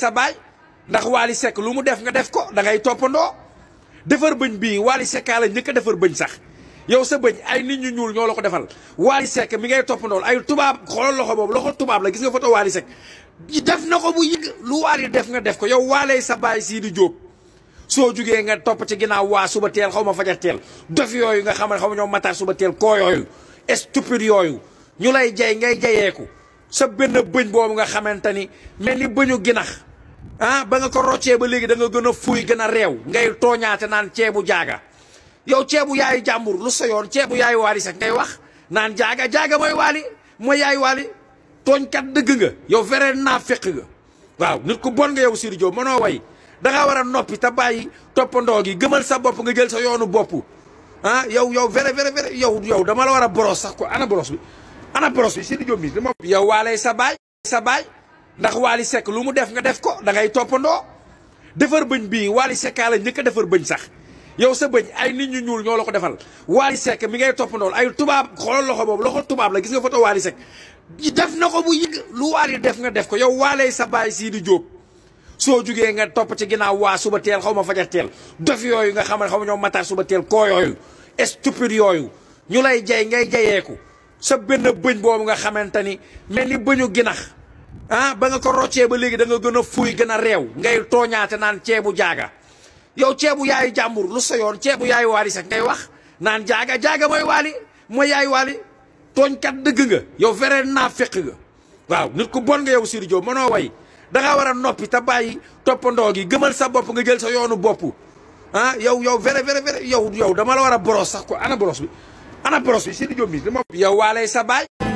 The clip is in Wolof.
sa baay ndax Waly sekk lu mu def nga def ko da ngay toppandoo defar bëñ bii Waly Seck la njëkk a defar bëñ sax yow sa bëñ ay nit ñu ñuul ñoo la ko defal Waly sekk mi ngay toppandool ay tubaab xoolal loxo boobu loxo tubaab la gis nga photo Waly Seck def na ko bu yëg lu Waly def nga def ko yow waalee sa baay sii di jóob soo jugee nga topp ci ginnaaw waa suba teel xaw ma fajar teel dof yooyu nga xam ne xaw ma ñoo mataar suba teel koo yooyu stupide yooyu ñu lay jay ngay jayeeku sa benn bëñ boobu nga xamante ni mel ni bëñu ginax Ah, ba nga ko roccee ba léegi da nga gën a fuy gën a réew ngay tooñaate naan ceebu jaaga yow ceebu yaayu jàmbur lu sa yoon ceebu yaay waali sax ngay wax naan jaaga jaaga mooy waali mooy yaayu waali yow veree naa fekk nga bon nga yow Sidy Diop mënoo way war a noppi te bàyyi toppandoo gi gëmal sa bopp nga jël sa yoonu bopp ah yow yow yow dama la war a boros sax ko ana boros bi ana boros bi Sidy yow waalay sa baay sa baay ndax Wally Seck lu mu def nga def ko dangay toppandoo defar bëñ bii Wally Seck la njëkk a defar bëñ sax yow sa bëñ ay nit ñu ñuul ñoo la ko defal Wally sekk mi ngay toppandoo ay tubaab xoolal loxo boobu loxo tubaab la gis nga photo Wally Seck def na ko bu yëg lu Wally def nga def ko yow waalee sa baay sii di jóob soo jugee nga topp ci ginnaaw waa suba teel xaw ma fajar teel dof yooyu nga xam ne xaw ma ñoom mataar suba teel koo yooyu stupide yooyu ñu lay jay ngay jayeeku sa benn bëñ boobu nga xamante ni mel ni bëñu ginax Ah, ba nga ko roccee ba léegi da nga gën a fuy gën a reew ngay tooñaate naan ceebu jaaga yow ceebu yaayu jàmbur lu sa yoon ceebu yaay waali sax ngay wax naan jaaga jaaga mooy waali mooy yaayu waali tooñkat dëgg nga yow veree naa fekk nga waaw nit ku bon nga yow Sidy Diop mënoo way da ngaa war a noppi te bàyyi toppandoo gi gëmal sa bopp nga jël sa yoonu bopp ah yow yow veree veree yow dama la war a boros sax ko ana boros bi ana boros bi Sidy Diop bi yow waalay sa baay